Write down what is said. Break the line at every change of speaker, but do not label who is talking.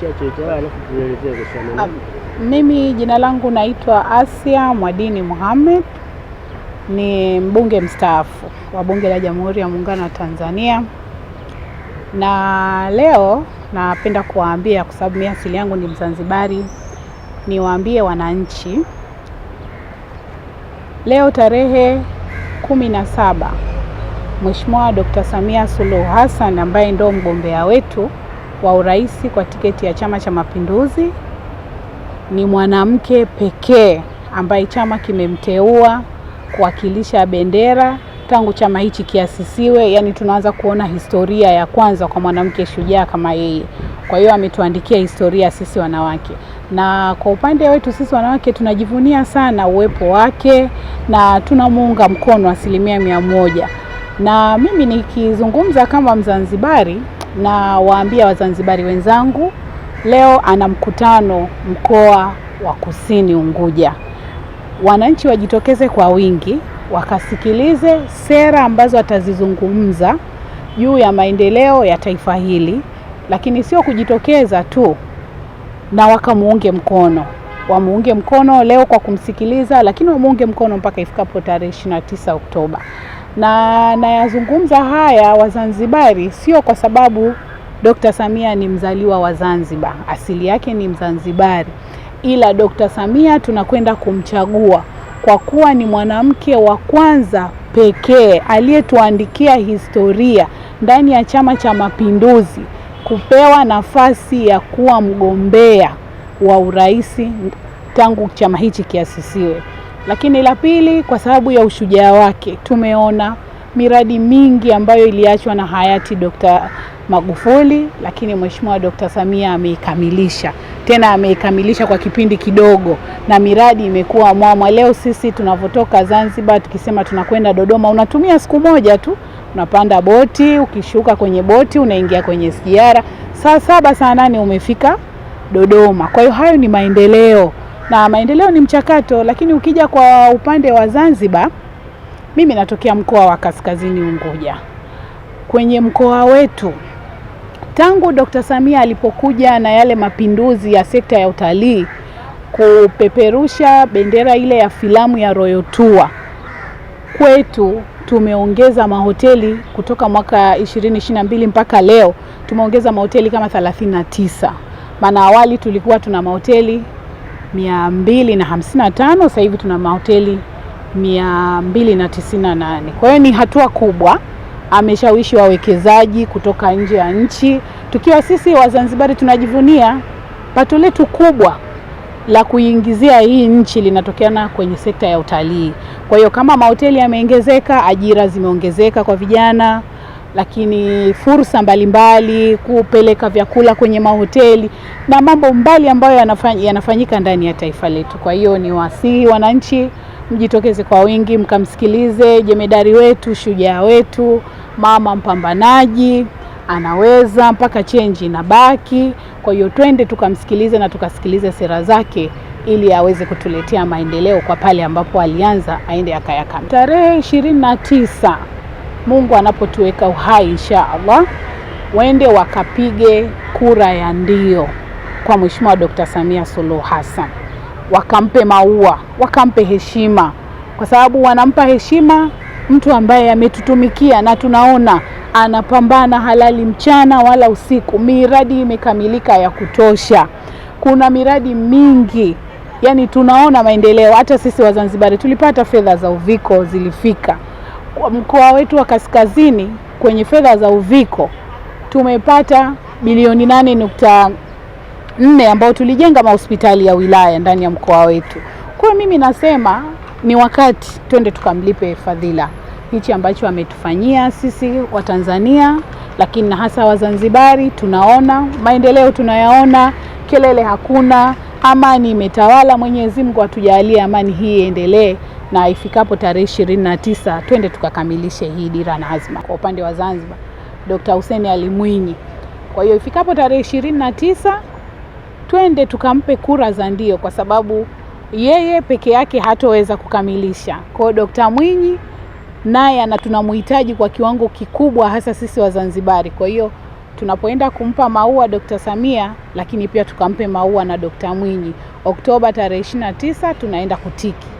kichache alafu kwa mimi jina langu naitwa Asia Mwadini Muhammad, ni mbunge mstaafu wa Bunge la Jamhuri ya Muungano wa Tanzania, na leo napenda kuwaambia, kwa sababu mimi asili yangu ni Mzanzibari, niwaambie wananchi leo tarehe kumi na saba Mheshimiwa Dr. Samia Suluhu Hassan ambaye ndio mgombea wetu wa urais kwa tiketi ya Chama cha Mapinduzi. Ni mwanamke pekee ambaye chama kimemteua kuwakilisha bendera tangu chama hichi kiasisiwe. Yani tunaanza kuona historia ya kwanza kwa mwanamke shujaa kama yeye. Kwa hiyo ametuandikia historia sisi wanawake, na kwa upande wetu sisi wanawake tunajivunia sana uwepo wake na tunamuunga mkono asilimia mia moja. Na mimi nikizungumza kama Mzanzibari na waambia Wazanzibari wenzangu leo ana mkutano mkoa wa Kusini Unguja. Wananchi wajitokeze kwa wingi wakasikilize sera ambazo atazizungumza juu ya maendeleo ya taifa hili, lakini sio kujitokeza tu na wakamuunge mkono wamuunge mkono leo kwa kumsikiliza, lakini wamuunge mkono mpaka ifikapo tarehe 29 Oktoba na nayazungumza haya Wazanzibari sio kwa sababu Dr. Samia ni mzaliwa wa Zanzibar, asili yake ni Mzanzibari, ila Dr. Samia tunakwenda kumchagua kwa kuwa ni mwanamke wa kwanza pekee aliyetuandikia historia ndani ya Chama cha Mapinduzi kupewa nafasi ya kuwa mgombea wa urais tangu chama hichi kiasisiwe. Lakini la pili, kwa sababu ya ushujaa wake, tumeona miradi mingi ambayo iliachwa na hayati Dkt. Magufuli, lakini Mheshimiwa dokta Samia ameikamilisha, tena ameikamilisha kwa kipindi kidogo, na miradi imekuwa mwamwa. Leo sisi tunavyotoka Zanzibar, tukisema tunakwenda Dodoma, unatumia siku moja tu, unapanda boti, ukishuka kwenye boti unaingia kwenye sijara, saa saba saa nane umefika Dodoma. Kwa hiyo hayo ni maendeleo na maendeleo ni mchakato, lakini ukija kwa upande wa Zanzibar, mimi natokea mkoa wa Kaskazini Unguja. Kwenye mkoa wetu tangu Dkt. Samia alipokuja na yale mapinduzi ya sekta ya utalii kupeperusha bendera ile ya filamu ya Royal Tour kwetu tumeongeza mahoteli kutoka mwaka 2022 mpaka leo tumeongeza mahoteli kama 39. Maana awali tulikuwa tuna mahoteli 255 sasa hivi tuna mahoteli 298. Kwa hiyo ni hatua kubwa, ameshawishi wawekezaji kutoka nje ya nchi, tukiwa sisi Wazanzibari tunajivunia pato letu kubwa la kuingizia hii nchi linatokana kwenye sekta ya utalii. Kwa hiyo kama mahoteli yameongezeka, ajira zimeongezeka kwa vijana lakini fursa mbalimbali, kupeleka vyakula kwenye mahoteli na mambo mbali ambayo yanafanyika ndani ya taifa letu. Kwa hiyo ni wasihi wananchi mjitokeze kwa wingi mkamsikilize jemedari wetu, shujaa wetu, mama mpambanaji anaweza mpaka chenji na baki Kwa hiyo twende tukamsikilize na tukasikilize sera zake ili aweze kutuletea maendeleo kwa pale ambapo alianza aende akayakam Tarehe ishirini na tisa Mungu anapotuweka uhai, insha Allah, waende wakapige kura ya ndio kwa Mheshimiwa Dr. Samia Suluhu Hassan, wakampe maua, wakampe heshima, kwa sababu wanampa heshima mtu ambaye ametutumikia na tunaona anapambana halali mchana wala usiku. Miradi imekamilika ya kutosha, kuna miradi mingi, yani tunaona maendeleo. Hata sisi Wazanzibari tulipata fedha za Uviko, zilifika mkoa wetu wa kaskazini kwenye fedha za uviko tumepata bilioni nane nukta nne ambao tulijenga mahospitali ya wilaya ndani ya mkoa wetu. Kwa mimi nasema ni wakati twende tukamlipe fadhila hichi ambacho ametufanyia sisi Watanzania, lakini na hasa Wazanzibari. Tunaona maendeleo tunayaona, kelele hakuna, amani imetawala. Mwenyezi Mungu atujalie amani hii iendelee na ifikapo tarehe ishirini na tisa twende tukakamilishe hii dira na azma kwa upande wa Zanzibar, Dr. Hussein Ali Mwinyi. Kwa hiyo ifikapo tarehe ishirini na tisa twende tukampe kura za ndio, kwa sababu yeye peke yake hatoweza kukamilisha. Kwa hiyo Dr. Mwinyi naye ana tunamhitaji kwa kiwango kikubwa, hasa sisi Wazanzibari. Kwa hiyo tunapoenda kumpa maua Dr. Samia, lakini pia tukampe maua na Dr. Mwinyi. Oktoba tarehe 29 tunaenda kutiki.